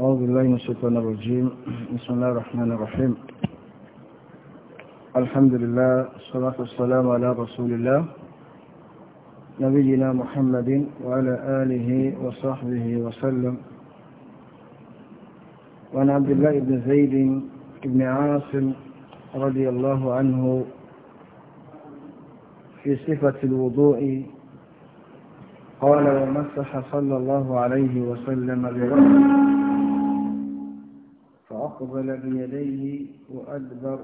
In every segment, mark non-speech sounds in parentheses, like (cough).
أعوذ بالله من الشيطان الرجيم بسم الله الرحمن الرحيم الحمد لله والصلاة والسلام على رسول الله نبينا محمد وعلى آله وصحبه وسلم وعن عبد الله بن زيد بن عاصم رضي الله عنه في صفة الوضوء قال ومسح صلى الله عليه وسلم برأسه وأقبل بيديه وأدبر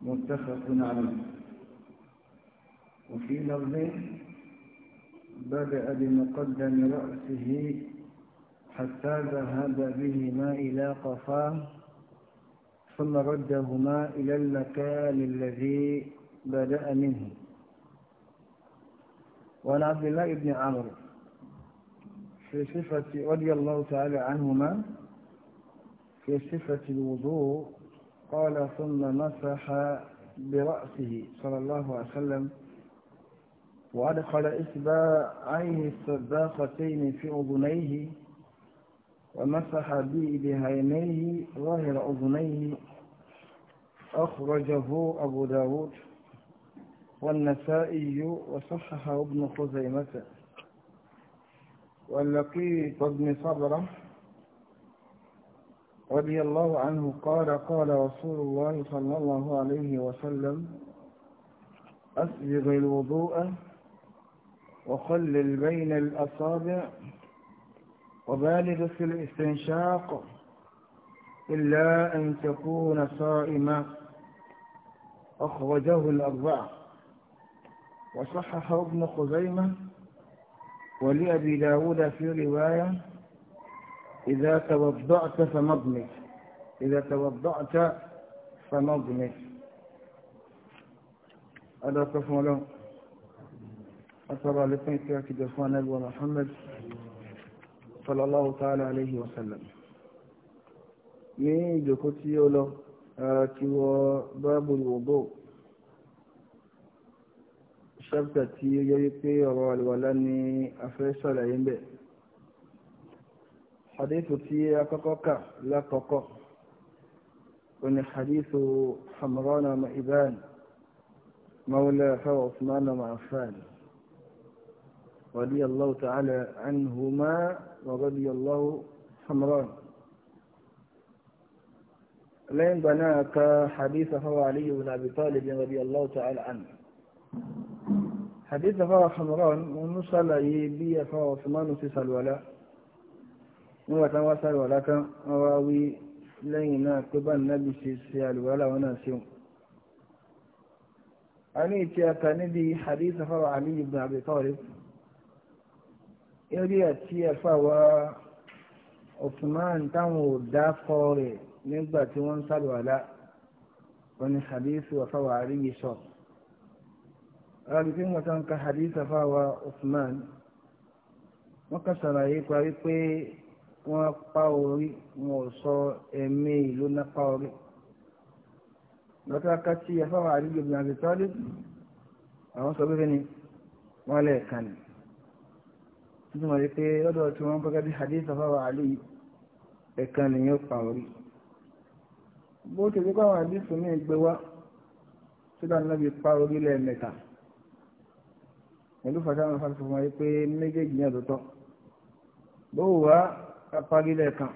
متفق عليه وفي لفظ بدأ بمقدم رأسه حتى ذهب بهما إلى قفاه ثم ردهما إلى المكان الذي بدأ منه وعن عبد الله بن عمرو في صفة رضي الله تعالى عنهما في صفة الوضوء قال ثم مسح برأسه صلى الله عليه وسلم وأدخل إسباعيه السباختين في أذنيه ومسح بإبهينيه ظاهر أذنيه أخرجه أبو داود والنسائي وصححه ابن خزيمة واللقيط ابن صبره رضي الله عنه قال قال رسول الله صلى الله عليه وسلم أسبغ الوضوء وخلل بين الأصابع وبالغ في الاستنشاق إلا أن تكون صائما أخرجه الأربعة وصححه ابن خزيمة ولأبي داود في رواية إذا توضعت فمضمك إذا توضعت فمضمك ألا تفهم له أصرى لفنك كدفان أبو محمد صلى الله تعالى عليه وسلم مين جو كتي يولو كيو باب الوضوء شبتة تي يجيبي ورال ولاني أفرش على حديث في أكاكا لا كاكا وإن حديث حمران مئبان مولى فو عثمان معفان رضي الله تعالى عنهما ورضي الله حمران لين بناك حديث فو علي بن أبي طالب رضي الله تعالى عنه حديث فو حمران ونصل يبي فو عثمان في سلولا nígbà tán wá sáré ọ̀la tán wọ́n wá wí lẹ́yìn náà pé bá nàbì ṣe ṣe àlùwálà wọn náà ṣeun. a ní ìtì ata níbi hadith afáwà Ali ibn Abi Talib eré àti afáwà Uthman táwọn ò dá kọ́ rẹ̀ nígbà tí wọ́n ń sáré ọ̀la wọn ni hadith afáwà Ali yìí sọ. rárá wọn tán ka hadith afáwà Uthman wọ́n kà sàlàyé parí pé wọ́n pa orí wọn ò sọ ẹ̀mí ìlú náà pa orí. lọ́tọ́ ká tí afáwà àríyé obìnrin àti tọ́lé àwọn sọ pé ni wọ́n lẹ̀ kàn ní. títí wọ́n rí pé lọ́dọ̀ tí wọ́n gẹ́gẹ́ bí hadith afáwà àríyé ẹ̀kan nìyẹn pa orí. bó ti rí káwọn àdìsùn ní ìgbé wá sídà náà fi pa orí lẹ́ẹ̀mẹ́ta. pẹ̀lú fàtàwọn fàtàwọn fún méjèèjì náà tó bó wàá ká parí lẹ́ẹ̀kan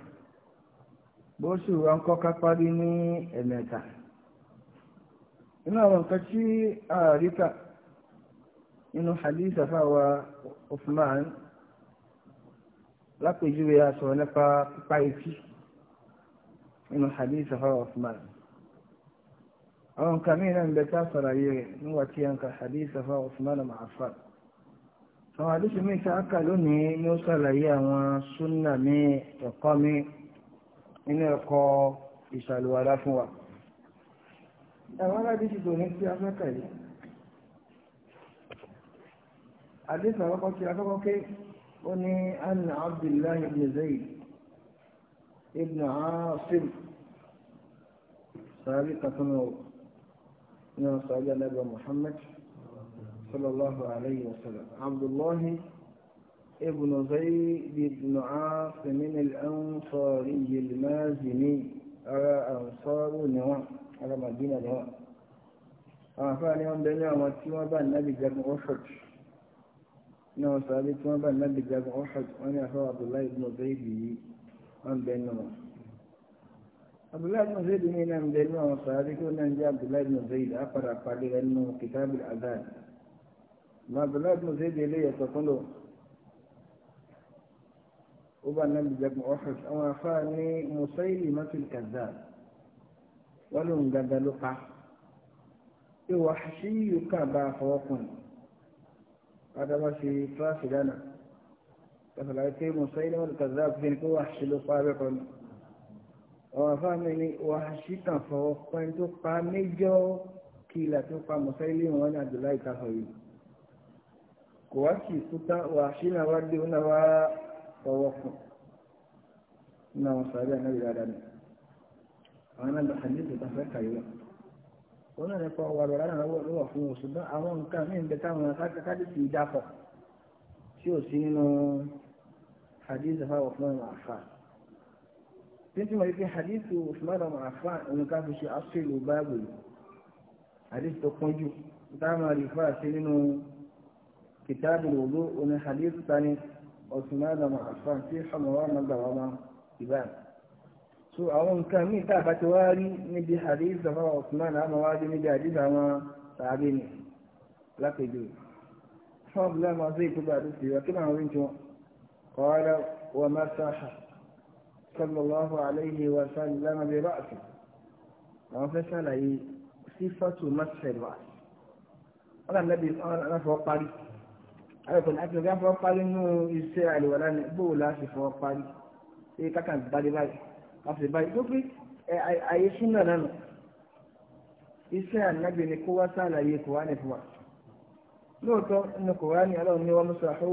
bóṣù wa ń kọ́ ká parí ní ẹ̀mẹ̀ta inú àwọn nǹkan tí a rí kà nínú hadith àfáwa Uthman lápèjúwe aṣọ nípa pípa etí nínú hadith àfáwa Uthman àwọn nǹkan mìíràn ń bẹ tá a sọ̀rọ̀ ayé rẹ̀ níwà tí a ń ka hadith àfáwa Uthman ma'afar àwọn àdúsù mi ta ákà lónìí yóò ṣàlàyé àwọn súnà mi ẹ̀kọ́ mi nínú ẹ̀kọ́ ìṣàlùwàlá fún wa àwọn aládìsí tó ní sí afẹ́kà yìí àdìsí àkọ́kọ́ tí akọ́kọ́ ké ó ní anna abdullahi ibn zayd ibn asim sàbí kàtúnú ní ọ̀sán àjọ alága muhammad صلى الله عليه وسلم عبد الله ابن زيد بن عاصم الأنصاري المازني على أنصار نواة على مدينة نواة àfáàní wọn bẹ̀rẹ̀ àwọn tí wọ́n bá nàbì jagun Uhud ní àwọn sàbí tí wọ́n bá nàbì jagun Uhud wọ́n ní àfáà Abdullahi ibn Zayd yìí wọ́n bẹ̀ nù wọn. Abdullahi ibn Zayd ní náà ń bẹ̀ nù àwọn sàbí tó náà ń jẹ́ Abdullahi ibn Zayd á padà pàdé rẹ̀ nù kìtàbí àdáyé. ma abdullahi ibn zayd eléyìí ẹ̀sọ̀ fún lò ó bá nàbì jagun ọ̀hún àwọn afáà ní Musaylimatul Kazzab wọ́n lòun gàdá ló pa ìwà ṣíyù kàbà àfọwọ́kùnrin adama ṣe tíráṣì lánàá kàtàlá pé Musaylimatul Kazzab fi ní kó wà ṣe ló pa ni àwọn afáà mi ní wà ṣí kàn fọwọ́kùnrin tó pa méjọ́ kìlà Abdullahi kàfọ̀ yìí kuwakifuta wahina wadde unawa wawafu na wasabi anabi ladani àwọn alùpàdé tó fẹ́ kàyọ́ wọn náà nípa ọwọ́ àlọ́ lánàá ló wà fún oṣù náà àwọn nǹkan mí ń bẹ táwọn akáàdé ti dápọ̀ tí ò sí nínú hadith fáwọn fún ọmọ àfà títí mo rí pé hadith Usman ọmọ àfà nǹkan fi ṣe aṣọ ìlú hadith tó pọ́njú táwọn àlùfáà sí nínú كتاب الوضوء ومن حديث ثاني عثمان بن عفان في حمران الدراما إبان سو àwọn nǹkan míì tá a bá ti wá rí níbi hadith àwọn Osman àmọ́ wá rí níbi hadith àwọn sàábé ni lápèjọ fún abúlé àwọn azé ìkúgbà àdúgbò ìwà kí máa rí tiwọn kọ́ọ́lá wà má sáà sallallahu alayhi wa sallam bi ra'si àwọn fẹ́ sàlàyé sífàtù masfẹ̀ ra'si wọn làǹdàbí wọn làǹdàfọ́ parí ayọ̀kùnrin àti ọ̀gá fọwọ́ parí nínú iṣẹ́ àlèwàlá ni bóò láti fọwọ́ parí ṣé kákà balẹ̀ báyìí káfíń báyìí tó pé àyè súnà nánu iṣẹ́ ànábì ni kó wá sàlàyé kò wá ní fún wa lóòótọ́ nínú kò wá ní aláwọ̀ ní wọn mú sàrò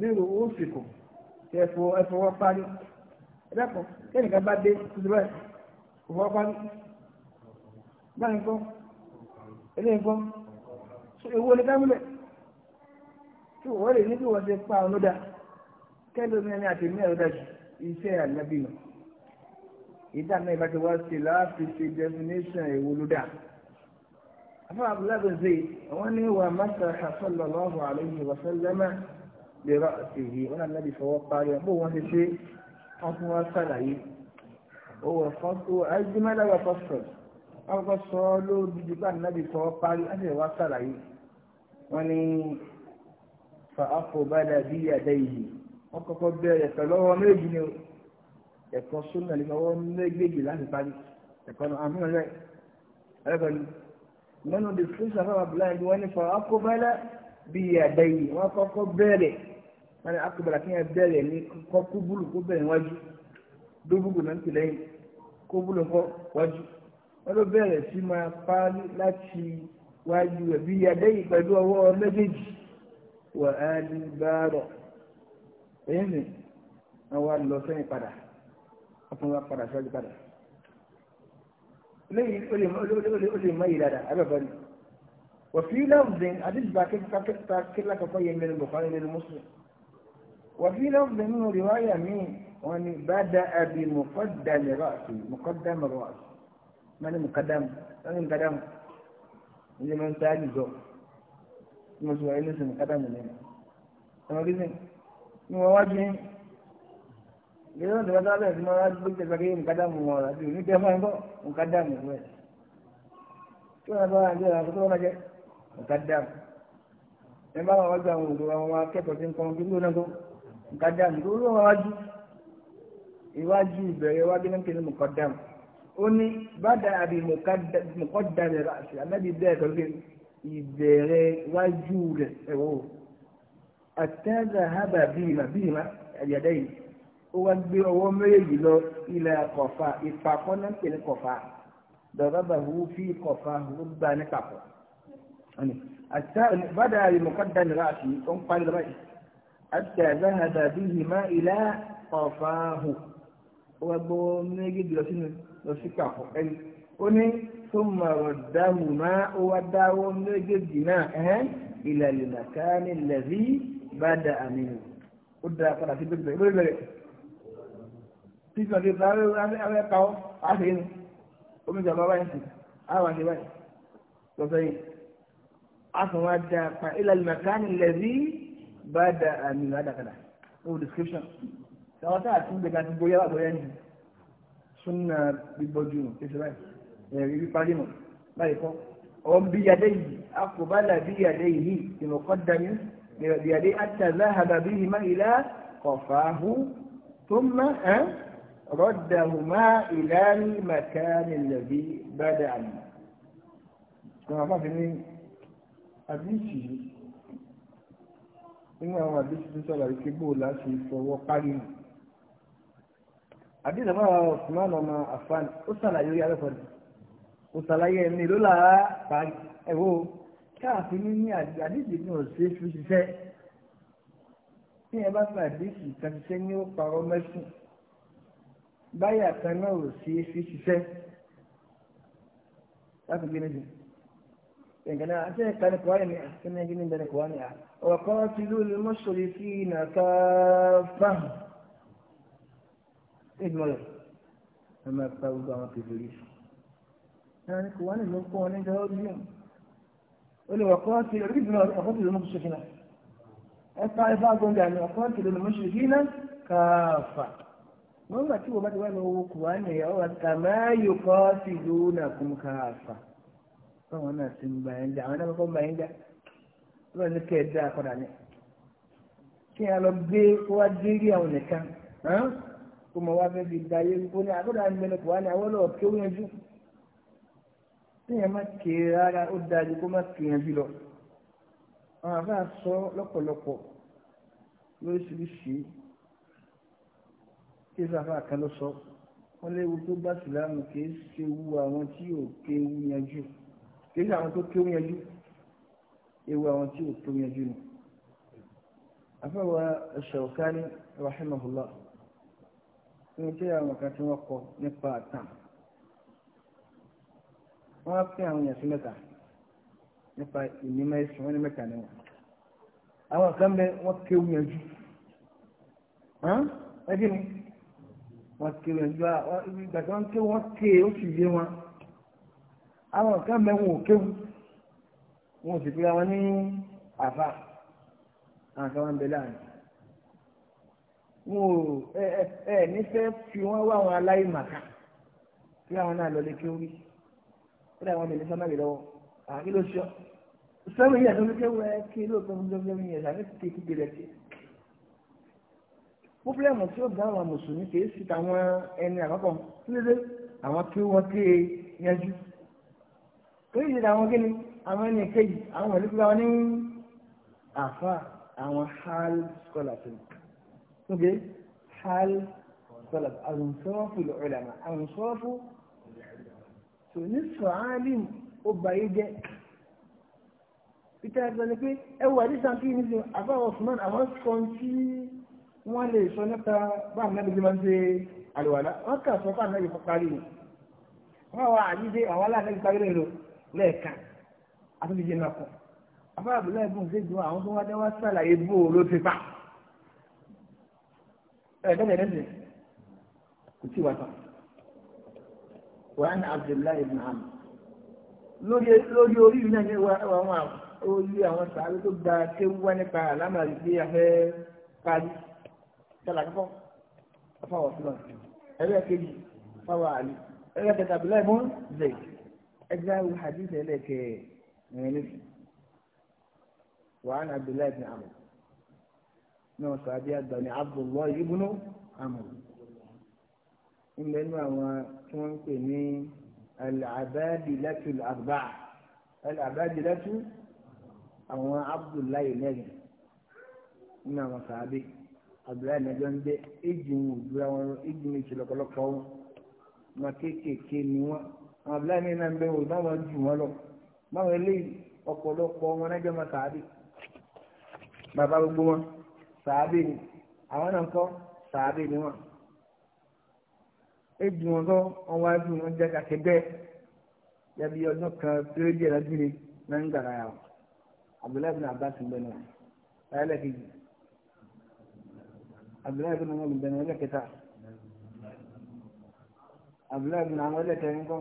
bírò ó sì kù ẹ̀fọ́ ẹ̀fọ́wọ́ parí ẹ̀dàpọ̀ kẹ́nìkan bá dé tuntun báyìí kò fọwọ́ parí báyìí kọ́ eléyìí kọ́ ewu ni ká múlẹ̀ tí wọ́n lè ní bí wọ́n ṣe pa ọlọ́dà kẹ́lómi ẹni àti mẹ́rin dájú iṣẹ́ ànábì nù ìdá náà ìbá ti wá sí láàfin ṣe definition èwo ló dà afọ abdullahi bin zayd wọ́n ní wà masa sallallahu alayhi wa sallama lè rọ àtìyí wọn ànábì fọwọ́ parí ọ̀pọ̀ wọn ṣe ṣe wọn fún wọn sàlàyé ó wọ fọ́tò àìjímẹ́lá fa aqbala bi yadayhi wọ́n kọ́kọ́ bẹ̀rẹ̀ pẹ̀lú ọwọ́ méjì ni ẹ̀kọ́ súnmọ́ ní ọwọ́ méjèèjì láti parí ẹ̀kọ́ náà àmì rẹ̀ ẹ̀rọ̀lù nínú the first of our blind wọ́n ní fa aqbala bi yadayhi wọ́n kọ́kọ́ bẹ̀rẹ̀ wọ́n ní aqbala kí wọ́n bẹ̀rẹ̀ ní kọ́ kúbúlù kó bẹ̀rẹ̀ wájú dóbùgù náà ti lẹ́yìn kóbúlù kọ́ wájú wọ́n ló bẹ̀rẹ̀ sí máa parí láti wájú ẹ̀bí yadayhi pẹ̀lú ọwọ́ méjèèjì wàhálì báárọ̀ èyí ni àwọn lọ sẹ́yìn padà ọkùnrin wa padà sọ́jú padà lẹ́yìn ó lè mọ ìlàdà abẹ́bẹ́ ni wàfi lọ́ọ̀dẹ̀ àdìsíbà kíkà kíkà kọ́kọ́ yẹ mẹ́rin bọ̀kọ́ nínú mùsùlùmí wàfi lọ́ọ̀dẹ̀ nínú rìwáyà míì wọn ni bàdà àbí mùkọ́dàmì rọ̀ọ̀sì mùkọ́dàmì rọ̀ọ̀sì mẹ́rin mùkọ́dàmì mẹ́rin mùkọ́dàmì ilé mẹ́rin tí mo ṣe wáyé lóṣù ní kádàmù lẹ́nu ọmọ kí sìn ní wọn wá jẹ ìgbésẹ̀ náà tó bá dábẹ́ sí máa gbé tẹ̀sán kí ní kádàmù wọn rà sí ní tẹ́fà ńkọ́ ní kádàmù rẹ̀ tí wọn bá wà ní ọ̀rọ̀ àkókò wọn jẹ ní kádàmù ẹ bá wọn wájú àwọn òdò àwọn akẹ́kọ̀ọ́ tí ń kọ́ kí lóun náà tó ní kádàmù tó lóun wájú iwájú ìbẹ̀rẹ̀ wájú ní kí ní mọ̀kọ́dàmù ó dà àbí mọ̀kọ́dàmù rà ìbẹ̀rẹ̀ wájú rẹ̀ ẹ̀wọ̀ àtẹ́zà hábà bíìmà bíìmà àyàdá yìí ó wá gbé ọwọ́ méjèèjì lọ ilẹ̀ kọ̀fà ìpàkọ́ náà ń pè ní kọ̀fà dọ̀rọ̀bà hu fi kọ̀fà hu gbà ní papọ̀. bàdà àlùmọ̀kádà nìra àti ó ń parí lọ́wọ́ yìí àtẹ́zà bíìmà ilẹ̀ kọ̀fà hu ó wá gbọ́ méjèèjì lọ sínú lọ sí papọ̀ ẹni ó ní tó mọ̀rọ̀ dáhùn máa ó wá dáwọ́ méjèèjì náà ẹ̀hẹ́n ìlàlìlà ká ní lẹ́rí bá da àmì nù ó dára padà sí bẹ́ẹ̀ bẹ́ẹ̀ bẹ́ẹ̀ títí wọn ti sọ abẹ́rẹ́ kawọ́ àti inú omi ìjọba báyìí sí àwọn àti báyìí lọ́sọ̀ yìí a sọ wá dáa pa ìlàlìlà ká ní lẹ́rí bá da àmì nù àdàkàdà ó description ṣàwọn táà tún gbẹ̀gà ti gbóyàwó àgbóyà ní súnà bíbọ́jú nù kí ṣe báyìí ẹ̀rí wípá lé mọ̀ báyìí kọ́ ọ̀n bí yàdé yìí akọ̀bálà bí yàdé yìí ìmọ̀kọ́ dání bí yàdé àtàlá àbà bí yìí má ilá kọ̀fàáhù tó má ẹ́ rọ́dàhùmá ilá ní màkánì lẹ́bí bàdà àmì. Àwọn afáfin ní àdìsí nínú àwọn àdìsí tó sọ̀rọ̀ wípé bóò láti fọwọ́ parí àdìsí àbára ọ̀sùnmọ́nà ọmọ àfáàní ó sàlàyé orí alẹ́kọ̀ọ́ òsàlàyé ẹni ló là á pa ẹ̀wọ́ káàfin ní àdéhìí ní ọ̀sẹ̀ fi ṣiṣẹ́ tí ẹ bá fà àdéhìí kan ṣiṣẹ́ ní ó parọ́ mẹ́sùn báyà kan náà ò sí fi ṣiṣẹ́ láti gbé níbi ìgbàna àti ẹ̀ka ní kọ́wá ni àti ní ẹgbẹ́ níbẹ̀ ní kọ́wá ni à ọ̀kọ́ ti ló lè mọ́ sọ̀rọ̀ sí iná káfá ìgbìmọ̀ rẹ̀ ẹ máa pa gbogbo àwọn tètè rí ẹni kò wá nílò fún ọ ní ìjọ ọdún ó lè wà kó wá sí orí ìdúrà ọkọ tó lè mú ṣèkìlá ẹ fa ẹ bá gbọǹgà ní ọkọ tó lè mú ṣèkìlá káfà wọn gbà tí wọn bá ti wá ní owó kò wá ní ìyàwó àti kàmáyò kọ́ sí ìlú nàkún káfà báwọn náà ti ń gbà ẹ́ ń jà àwọn náà kọ́kọ́ ń gbà ẹ́ ń jà lọ́wọ́ ní kẹ́ ẹ dá akọ́dà ní. kí a lọ gbé kó wá dé rí àwọn nìkan kó mọ wá fẹ́ fi da ayé wípé ní akọ́dà ń gbẹ́nu kó wá ní àwọn lọ́ọ̀ kéwìyànjú téèyàn má ké rárá ó dáa ju kó má kéèyànjú lọ àwọn àbá sọ lọ́pọ̀lọpọ̀ lóríṣiríṣi kí sáfà kan ló sọ wọ́n léwu tó bá sìláàmù kì í ṣe wu àwọn tí ò kéwu yanjú kì í ṣe àwọn tó kéwu yanjú ewu àwọn tí ò kéwu yanjú ni. àfẹ́wà Ṣawkani rahimahullah ní tí àwọn kan tí wọ́n kọ nípa àtàn wọ́n á pín àwọn èèyàn sí mẹ́ta nípa ìnímọ̀ ẹ̀sìn wọn ní mẹ́ta ni wọn. àwọn kan bẹ wọ́n kéwú yanjú ẹ kí ni wọ́n kéwú yanjú ìgbà tí wọ́n kéwú wọ́n ké ó sì yé wọn. àwọn kan bẹ wọn ò kéwú wọn ò sì pé àwọn ní àfa àwọn kan wọn bẹ láàrin wọn ò ẹ ẹ nífẹ̀ẹ́ fi wọ́n wá àwọn aláìmàkà kí àwọn náà lọ lè kéwú rí ó dà wọn lè ní sọmọlì lọ́wọ́ àbí ló ṣọ sọmọlì yẹn tó fi kéwọ ẹ kí ló tó fi kéwọ yẹn sàmì ti kí gbèrè ti. pọ́blẹ́mù tí ó dá àwọn mùsùlùmí kì í sì táwọn ẹni àkọ́kọ́ sílẹ̀ àwọn tí wọ́n ké yanjú. torí ìdí àwọn gíní àwọn ẹni kejì àwọn ìlú kúlọ̀ ní àfa àwọn hal scholars ni. ok hal scholars àwọn sọ́ọ̀fù lọ́ọ̀lá àwọn sọ́ọ̀fù tò ní sọ̀hálìm ó bàyé jẹ́ peter ẹgbẹ́ ni pé ẹ wà ní sàǹkì ní ti àbá osman àwọn sọ tí wọ́n lè sọ nípa bá ànábi ti máa ń ṣe àlùwàlá wọ́n kà sọ fún ànábi parí ni wọ́n wá àdídé àwọn aláàbí parí rẹ̀ lò lẹ́ẹ̀kan àtúndíje náà kọ́ àbá àbúlá ẹ̀bùn ṣe jù àwọn tó wá dé wá sàlàyé bó o ló ti pa ẹ̀ẹ́dẹ́gbẹ̀ẹ́dẹ́gbẹ̀ẹ́ kò tí wà tán. وعن عبد الله بن عمرو lórí orí yìí náà ní àwọn orí àwọn sàárè tó gba kéwú wá nípa àlámàrí pé afẹ́ parí tẹ́lá kọ́kọ́ afáwọ̀ fúlọ̀ ẹgbẹ́ kejì fáwọ̀ àlè ẹgbẹ́ kẹta bílẹ̀ mú zẹ̀ ẹgbẹ́ àwọn hadith ẹlẹ́kẹ̀ ẹ̀rẹ́lẹ́ sí wàhánà abdullahi bin amr náà sàbí àgbà ní abdullahi ibùnú amr ń bẹnu àwọn tí wọ́n ń pè ní al-abadilatu al-arba'a al-abadilatu àwọn abdullahi mẹ́rin nínú àwọn sàábì abdullahi mẹ́jọ ń bẹ éjì ń wùdúrà wọn éjì ń ṣe lọ́pọ̀lọpọ̀ wọn wọn kéékèèké ni wọn àwọn abdullahi mẹ́rin náà ń bẹ wọn jù wọn lọ báwọn eléyìí ọ̀pọ̀lọpọ̀ wọn náà wọn sàábì bàbá gbogbo wọn sàábì ni àwọn náà ń kọ́ sàábì ni wọn. ebi wọn lọ ọwọ adu wọn jẹ kakẹgbẹ yabi ọdún kan péré díẹ̀ láti rí náà ń yà wọn abdullahi bin abbas ń bẹ náà láyé abdullahi bin ọmọ ń bẹ náà lẹ́kẹ̀ta abdullahi bin àwọn lẹ́kẹ̀rin kọ́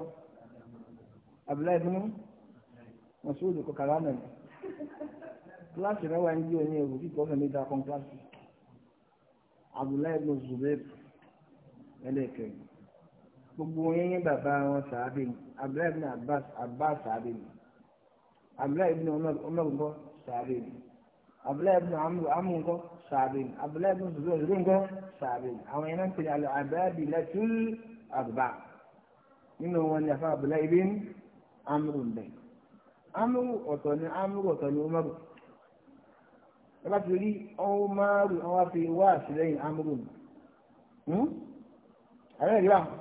abdullahi bin masoud kọ kàlámẹ̀ kíláàsì rẹ̀ wá ń jí òní ẹ̀rù kíkọ́ fẹ̀mí dákọ̀ kíláàsì abdullahi bin gbogbo wọn yẹn bàbá wọn sàábì ni abdullahi ibn abbas abbas sàábì ni abdullahi ibn umar ńkọ sàábì ni abdullahi ibn amr amr ńkọ sàábì ni abdullahi ibn zubair zubair ńkọ sàábì ni àwọn yẹn náà ń pè ní alọ abẹ́bí latul àgbà nínú wọn ni afa abdullahi ibn amr ńbẹ amr ọ̀tọ̀ ni amr ọ̀tọ̀ ni umar ẹ ti rí ọwọ́ márùn-ún fi wá àṣìlẹ́yìn amr ńbẹ hmm? ààrẹ ìlú àwọn.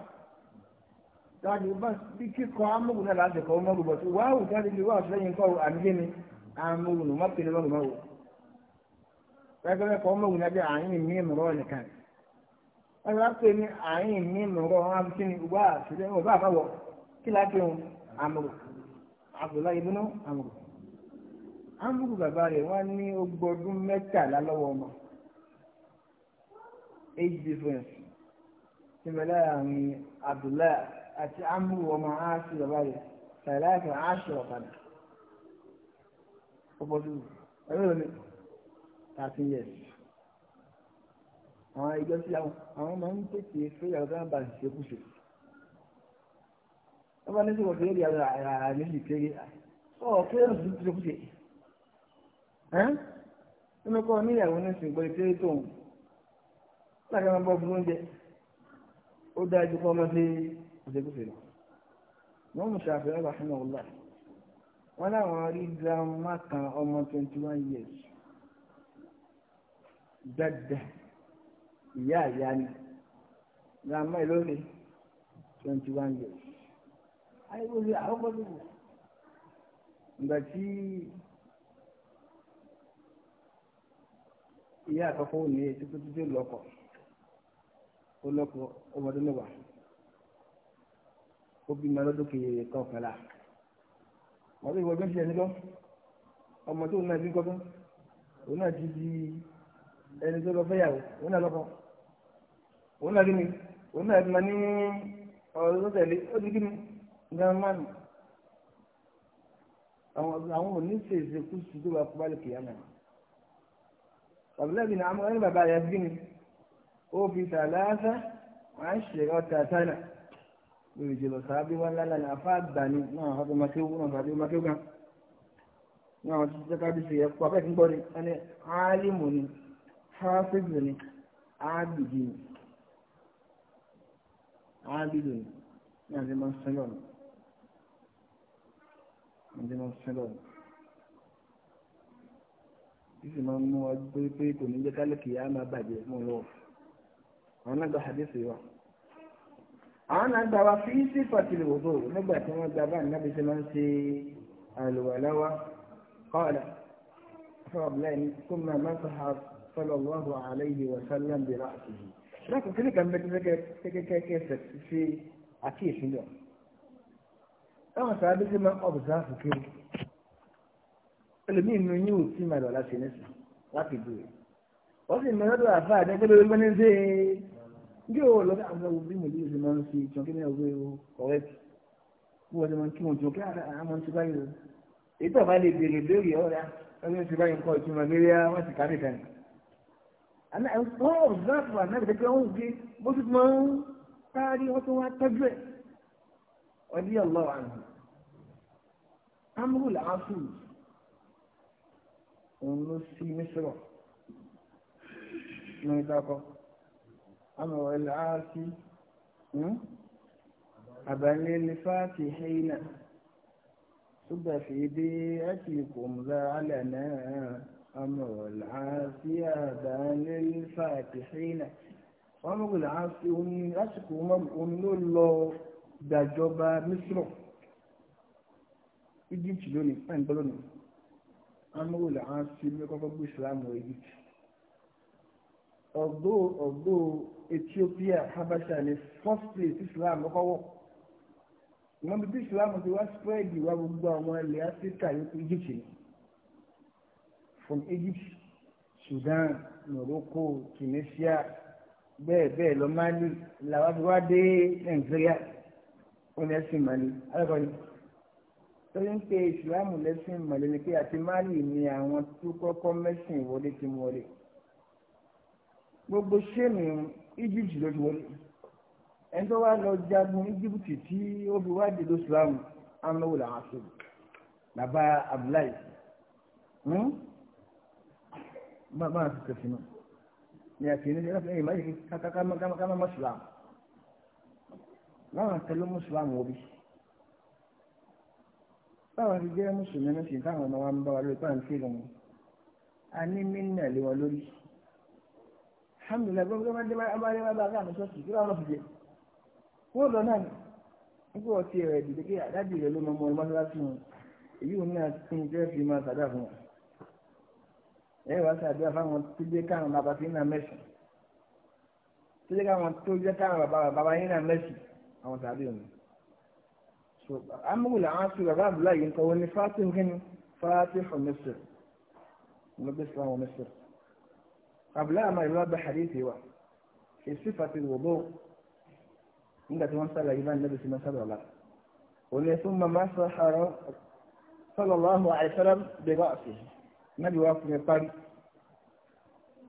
láti bá bí kíkọ amóhùn náà láti kọ ọmọ rúbọ tó wàá jáde lè wà lẹ́yìn kọ àdúgbò ni má pèlè lọ́rùn má wò pẹ́ẹ́pẹ́ẹ́ kọ ọmọhùn bí àyìn mí nìkan wá pè ní àyìn mí wọn bá kí láti amóhùn amóhùn amóhùn bàbá ní ọmọ age difference àti amúrù ọmọ aṣọ ìjọba rẹ̀ sàlàyé aṣọ ọ̀kadà ọgbọ́dún ọlọ́run ní thirteen years àwọn ẹgbẹ́ sí àwọn àwọn máa ń tètè fẹ́yàwó tó ń bá ṣekúṣe wọ́n bá ní sọ̀rọ̀ fẹ́ẹ́ di àwọn àmì yìí kéré ọ̀ fẹ́yàwó tó ń ṣekúṣe ẹ́n nínú kọ́ níyàwó ní sìnkú kéré tó ń láti ọjọ́ fèrè wọ́n mú ṣàfihàn ọ̀rọ̀ àfihàn ọ̀la wọ́n láwọn rí girama kan ọmọ twenty one years dáadáa ìyá àyá ni girama ìlóore twenty one years ayélujára àwọn bọ́dọ̀ wò ìgbà tí ìyá àkọ́kọ́ ò ní etí tó tó dé lọ́kọ̀ ó lọ́kọ̀ ọmọdé mẹ́wàá ó bímọ lọ́dún kejì kọkànlá wọ́n tó ìwọ ẹgbẹ́ sílẹ̀ nígbọ́ ọmọ tó náà bí kọ́kọ́ òun náà ti di ẹni tó lọ fẹ́yàwó òun náà lọ́kọ́ òun náà kíni òun náà ti máa ní ọ̀rọ̀ tó tẹ̀lé ó ti kíni gan mánu àwọn òní ṣèṣe kú sí tó bá kú bálẹ̀ kìyà náà ọ̀bùlẹ́bì náà ẹni bàbá rẹ̀ kíni ó fi tàlàáfẹ́ wọ́n á ṣe ọ̀tà tánà lórí ìjọba sàábí wá lálẹ́ ní afá àgbà ni wọn àwọn ọmọ tó wọn àti ọmọ tó gan wọn àwọn tó tẹ́ka bí sèyẹ kó abẹ́kí ń gbọ́ ni ẹni áálímù ni fáfíìsì ni ábìdì ni ábìdì ni ní àti máa ń sẹ́lọ̀ ni àti máa ń sẹ́lọ̀ ni sísè máa ń mú wa gbé pé kò ní jẹ́ kálíkì á máa bàjẹ́ mọ́ lọ́wọ́ àwọn náà gba àdéhùn wa. àwọn àgbà wa fi sífàtì lòdò nígbà tí wọ́n gba bá nàbí tí wọ́n ṣe àlùwàláwà kọ́ọ̀lá fọ́ọ̀lá ní kúmọ̀ mọ́tòhà sallallahu alayhi wa sallam bi ra'sihi. lọ́kùn kí ni kàn bẹ́ẹ̀ tẹ́tẹ́ kẹ́kẹ́ fẹ̀sí sí àkíyèsí lọ. táwọn sábà ti máa ọ̀bùsáfù kiri ẹlòmíì nu yín tí màdọ̀ láti ní sùn láti dùn. wọ́n sì àfáà bí o lọ bí àwọn ọmọ bí mo lè ṣe máa ń fi ìtàn kí ní ọgbẹ́ o ọ̀rẹ́ ti bí wọ́n ti máa ń kí wọn jọ kí àwọn ọmọ ti báyìí o èyí tó bá lè béèrè béèrè ọ̀rẹ́ ọ̀rẹ́ ti báyìí nǹkan ìtumọ̀ lérí wọn ti kárì kan. wọ́n ọ̀bùdáàfù ànábìdẹ́ pé wọ́n gbé bó ti máa ń táárí wọ́n tó wá tọ́jú ẹ̀ ọdí ọlọ́wà ni. amúrù أمر العاصي أبا للفاتحين صب في بيئتكم ذا لنا أمر العاصي أبا للفاتحين أمر العاصي أسكو مرء الله دجوبا مصر Egypt lónìí fún ẹgbẹ́ lónìí amúrò làwọn sí ní kọ́kọ́ gbé Islam wọ Egypt ọ̀gbọ́n ọ̀gbọ́n Ethiopia Habasha ni first place Islam kọ́kọ́ wọ̀ ìwọ́n bíbí Islam ti wá spread wá gbogbo àwọn ilẹ̀ Africa yòókù Egypt ni from Egypt Sudan Morocco Tunisia bẹ́ẹ̀ bẹ́ẹ̀ lọ Mali làwọn fi wá dé Nàìjíríà wọn ẹ̀sìn Mali alákọ̀ọ́yìn torí ń pe Islam lẹ́sìn Mali ni pé àti Mali ni àwọn tó kọ́kọ́ mẹ́sìn ìwọlé ti mú gbogbo ṣéènì egypt ló ti wọlé ẹni tó wá lọ jagun egypt tí ó fi wádìí ló islam anáwó làwọn aṣọ bàbá abdullahi bàbá hmm? àti tẹ̀sínà ní àti ní ẹ̀rọ ìmọ̀ yìí kákákámá mọ́sùlámù láwọn àtẹlẹ́ mọ́sùlámù wọ́bí báwọn ti jẹ́ mùsùlùmí náà sì táwọn ọmọ wa ń bá wa lórí pàǹtí lọ́wọ́ a ní mí nà lé wọn lórí alhamdulilayi gbọ́n gbọ́n dé bá dé bá ká àmì sọ́ọ̀tì kí lọ́wọ́ fi jẹ kó lọ náà ni nígbà wọ́n ti rẹ̀ dìde kí àdájì rẹ̀ ló mọ ọmọ mọ́sálásí wọn èyí òun náà ti ń jẹ́ fi máa sàdá fún wọn ẹ wá sàdúrà fáwọn tó jẹ́ káwọn bàbá tí ń nà mẹ́sìn tó jẹ́ káwọn tó jẹ́ káwọn bàbá bàbá yín nà mẹ́sìn àwọn sàdé òun so amúhùn làwọn sọ bàbá àbúlá yìí ń kọ́ wọn ní fáátì ń kẹ́ni fáátì fún mẹ́sìn ọmọdé sọ àwọn mẹ́sìn. قبلها ما يراد بحديثه و في صفة الوضوء عند تمام صلى الله النبي صلى الله عليه وسلم ثم ما سحر صلى الله عليه وسلم برأسه نبي واقف يقال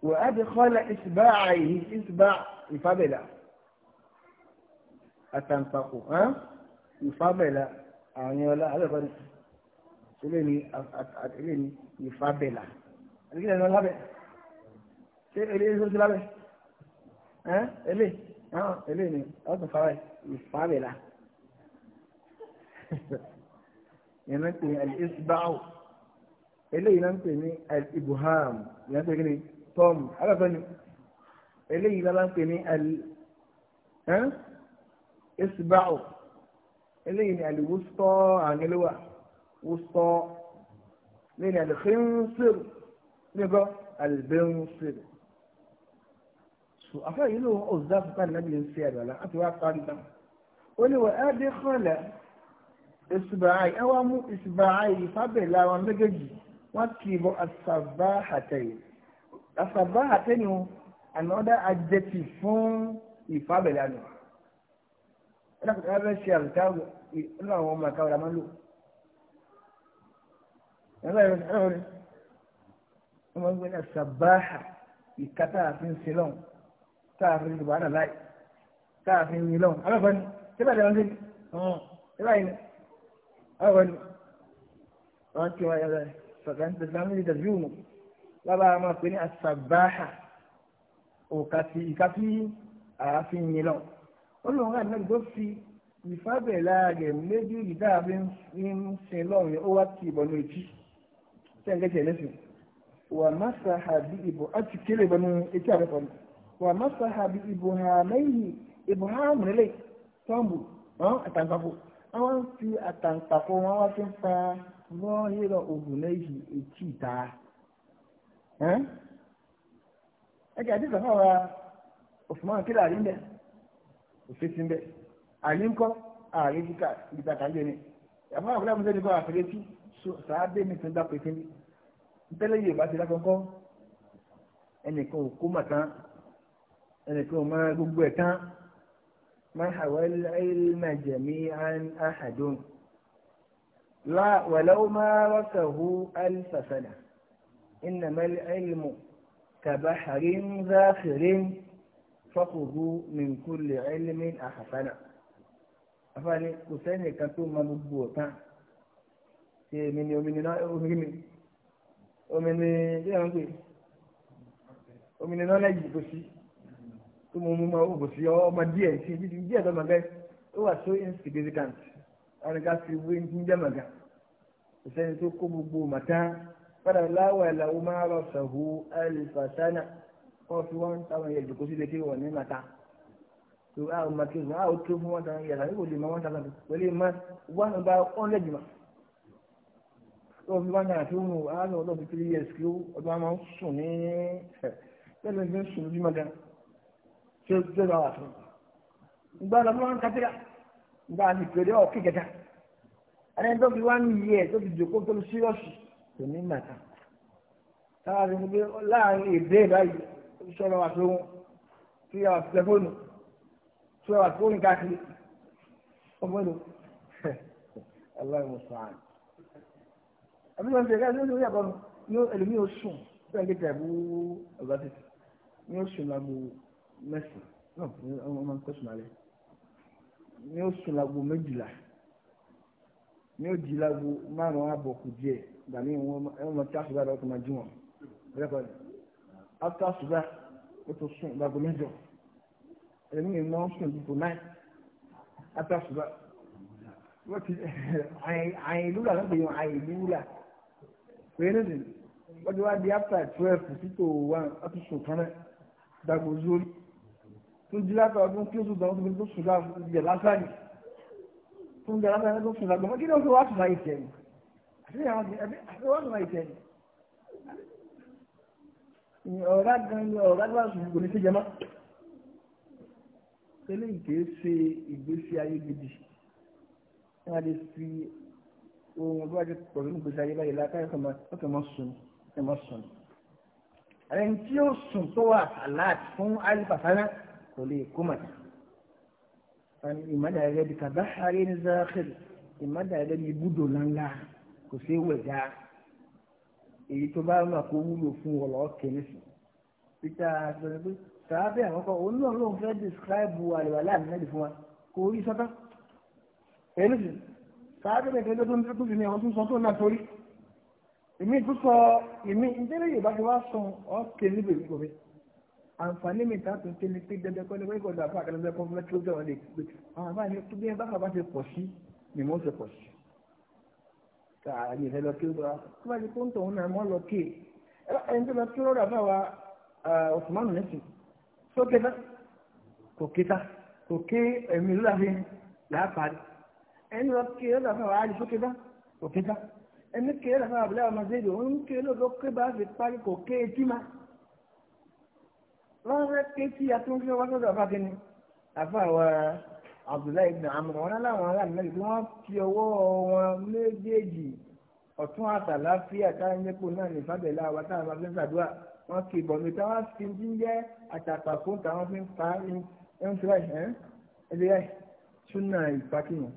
وأدخل إسباعيه إسباع يفضل أتنفقه ها يفضل يعني ولا هذا سليني أتعلمي يفضل أتعلمي ṣé eléyìí ló ti lábẹ́ ẹ́ eléyìí eléyìí ni ọ̀sán fara ìfàbẹ̀là yẹn náà ń pè ní al-isba'u eléyìí náà ń pè ní al-ibham yẹn náà ń pè ní tọ́ọ̀mù alábẹ́ ni eléyìí náà ń pè ní al-isba'u eléyìí ni al-wustọ́ àgẹ́lẹ́wà wustọ́ lẹ́yìn al-khinsir nígbà al-binsir. so afa yìí ló ọ̀zá fúnpá nàbí lè fi àgbàlá àti wá parí tán ó ní wọ́n ẹ́ẹ́dẹ́ kọ́lẹ̀ ìsìbàáyì ẹ wá mú ìsìbàáyì ìfábẹ̀lá wọn méjèèjì wọ́n kì í bọ́ àsàbáhàtẹ́yì àsàbáhàtẹ́yì o another adjective fún ìfábẹ̀lá nù ẹ dàpọ̀ ẹ bẹ́ ṣe àlùkáwọ̀ nínú àwọn ọmọ àkàwọ̀ làmọ́ lò ẹ bẹ́ẹ̀ ẹ bẹ́ẹ̀ wọ́n gbé àsàbáhà ìkátà àfihàn sílọ̀hún táàfin yorùbá náà láì táàfin yìí lọ́wọ́ abẹ́fọ́ ni síbẹ̀ tí wọ́n ti síbẹ̀ yìí ni abẹ́fọ́ ni wọ́n ti wáyé rẹ̀ sọ̀kan tó dáná ní ìdàjú mu lábà máa pè ní asàbáhà òkà sí ìka tí àáfin yìí lọ́wọ́ olùwọ́n náà nígbà tó fi ìfábẹ̀lá rẹ̀ méjì ìdáàbí ń sin lọ́rùn ó wá ti ìbọnú etí tẹ́ǹkẹ́tẹ̀ lẹ́sìn wà má sàhàbí ìbò á ti kéré ìbọnú etí àbẹ́fọ́ mi wà má sàhàbí ibùhàmẹ́yìn ibùhàmù nílẹ̀ tọ́ǹbù àtàǹpàfò àwọn ń fi àtàǹpàfò wọn wá fi ń fa lọ́hìrọ̀ ògùn lẹ́yìn etí ìta. ẹ̀ka àti ìsọ̀fọ̀ wa òfìmọ́ kílà rí mbẹ́ òfìsí mbẹ́ àrí ńkọ́ àrí kíkà ìgbàkà ń ni àmọ́ àbúrò àmúṣe ní kọ́ àfẹ́rẹ́ tí sàádé mi ti ń dá fún mi. ntẹ́lẹ̀ yìí ò bá ẹnìkan ò kó màtán ẹnìkan ò máa gbogbo ẹ̀ tán máa hàwá ilmà jẹ̀mí àhàdùn wàláwó máa rọ́sàwó alifasana ìnàmọ́ ilmù kàbáhàrí ń záfìrí fọ́kùrú mìkúlẹ̀ ilmì àhàsánà afáàní kò sẹ́yìn kan tó máa gbogbo ẹ̀ tán ṣe èmi ni omi ni omi ni omi ni omi ni nọ́lẹ́jì kò sí tó mo mú ma oògùn sí ọmọ díẹ̀ sí ibi díẹ̀ lọ́mọ bẹ́ẹ̀ ó wà so insignificant ọ̀rẹ́gá fi wé ní jíjẹ́ màgà kò sẹ́ni tó kó gbogbo màtá padà láwọ̀ ẹ̀ làwọn máa rọ̀ sàhó alifasana wọ́n fi wọ́n táwọn yẹn jòkó sílé kí wọ́n ní màtá tó a ò màtí òsùn a ò tó fún wọn táwọn yẹn àtàwọn ìwòlè máa wọ́n táwọn pẹ̀lú ìmọ̀ wọn bá wọn lẹ́jì mà tó fi wọn náà tó mú àwọn ọlọ́ọ̀fi three years kí ọdún wọn máa ń sùn ní pẹ̀lú (laughs) ìgbésùn lójúmọ́ gan-an tí ó gbé wàhálà fún un ìgbà lọ́mọ wọn kátìrà ìgbà àti ìpèrè ọ̀kí gẹ̀gà ẹni tó fi wá ní iye ẹ̀ tó fi jòkó tó sírọ́ọ̀sì kò ní màtà táwa fi gbé láàrin èdè báyìí sọ̀rọ̀ wà tó wọn tí a wà tẹlifóònù tí a wà tó (laughs) ń káàkiri ọmọdé aláìmọ̀ sàn. àbí wọn ti ẹ̀ka ẹ̀ka ẹ̀ka ẹ̀ka ẹ̀ka ẹ̀ka ẹ̀ka ẹ̀ka ẹ̀ka ẹ̀ka ẹ̀ka ẹ̀ka ẹ̀ka ẹ̀ka ẹ̀ka ẹ̀ka ẹ̀ka mẹ́sàn náà wọ́n máa ń kọ́ sùn alẹ́ ní ó sùn lágbo méjìlá ní ó jí lágbo márùn-ún àbọ̀ kù díẹ̀ gbàmí wọn máa tí àṣùgbà lọ́kọ̀ máa jí wọn rẹ́kọ̀dì after àṣùgbà ó tó sùn lágbo mẹ́jọ ẹ̀mí mi máa ń sùn dìbò náà after àṣùgbà wọ́n ti (laughs) àyìn lúlà náà gbèyàn àyìn lúlà pé nídìí wọ́n ti wá di after twelve sí tó one ó sùn kan náà dàgbò zórí tó jí látọ̀ọ́dún kí ó tún dán tó sùn jẹ lásán yìí tó ń jẹ lásán yìí tó sùn lágbọ́n kí ni ó fi wá sùn láyé tẹ̀ yìí àti àwọn ẹbí àti wá sùn láyé tẹ̀ yìí ọ̀rá gan ni ọ̀rá gan sùn kò ní sí jẹ mọ́ eléyìí kìí ṣe ìgbésí ayé gidi wọn á lè fi ohun ọdún àti pọ̀lú ìgbésí ayé báyìí lákàtà ọkọ̀ mọ́ sùn ẹ̀ mọ́ sùn ẹni tí kò lè kó màtà ìmọ̀dà rẹ̀ bí kàbá àárẹ̀ ní záàkìrì ìmọ̀dà rẹ̀ ní ibùdó ńláńlá kò sí wẹ̀ dá èyí tó bá wà kó wúlò fún wọn lọ́ọ́ kẹ́lẹ́ sí peter agbẹ̀rẹ̀ pé sàábẹ̀ àkọ́kọ́ òun náà ló ń fẹ́ describe àlèwà wa kò rí sọ́tọ́ pẹ̀lú sí sàábẹ̀ bẹ̀rẹ̀ tó ń tó fi ní ọdún sọ tó náà torí èmi tó sọ èmi ìdẹ́rẹ́ yorùbá ti wá sùn ọ́ kẹ́lẹ́ bèbí àǹfààní mi ta tún tẹ́lẹ̀ pé dandan kọ́ni wọ́n gbọ́dọ̀ àfa àkàlẹ́gbẹ́ kọ́ fún ẹtúrọ́jọ́ wọn lè pé àwọn àbáyé tó bí ẹ bá bá ṣe pọ̀ sí ni wọ́n ṣe pọ̀ sí. ká àyè rẹ lọ kí ó bá tó bá ṣe kó ń tọ̀hún náà mọ́ lọ kí ẹni tó lọ kí ó rà bá wa ọ̀sùnmánù nẹ́sìn tó kẹta kò kẹta kò ké ẹ̀mí ló dàbí làápàdé ẹni lọ kí ó dàbí wa àyè tó kẹta kò kẹta ẹni kí ó dàbí wa àbúlé wọ́n fẹ́ ké tí a tún fi wọ́n sọ́dọ̀ àfa kínní àfa wa abdullahi ibn amr wọn aláwọn aláàmì mẹ́rin tí wọ́n fi ọwọ́ wọn méjèèjì ọ̀tún àtàláfíà tá a ń yẹ́pọ̀ náà ní fábẹ́lá wa tá a máa fi ń ṣàdúrà wọ́n kì í bọ̀ mi táwọn fi ń jẹ́ àtàpà fún táwọn fi ń fa ń fi wáyé ẹ́ ẹ́ súnà ìpàkìyàn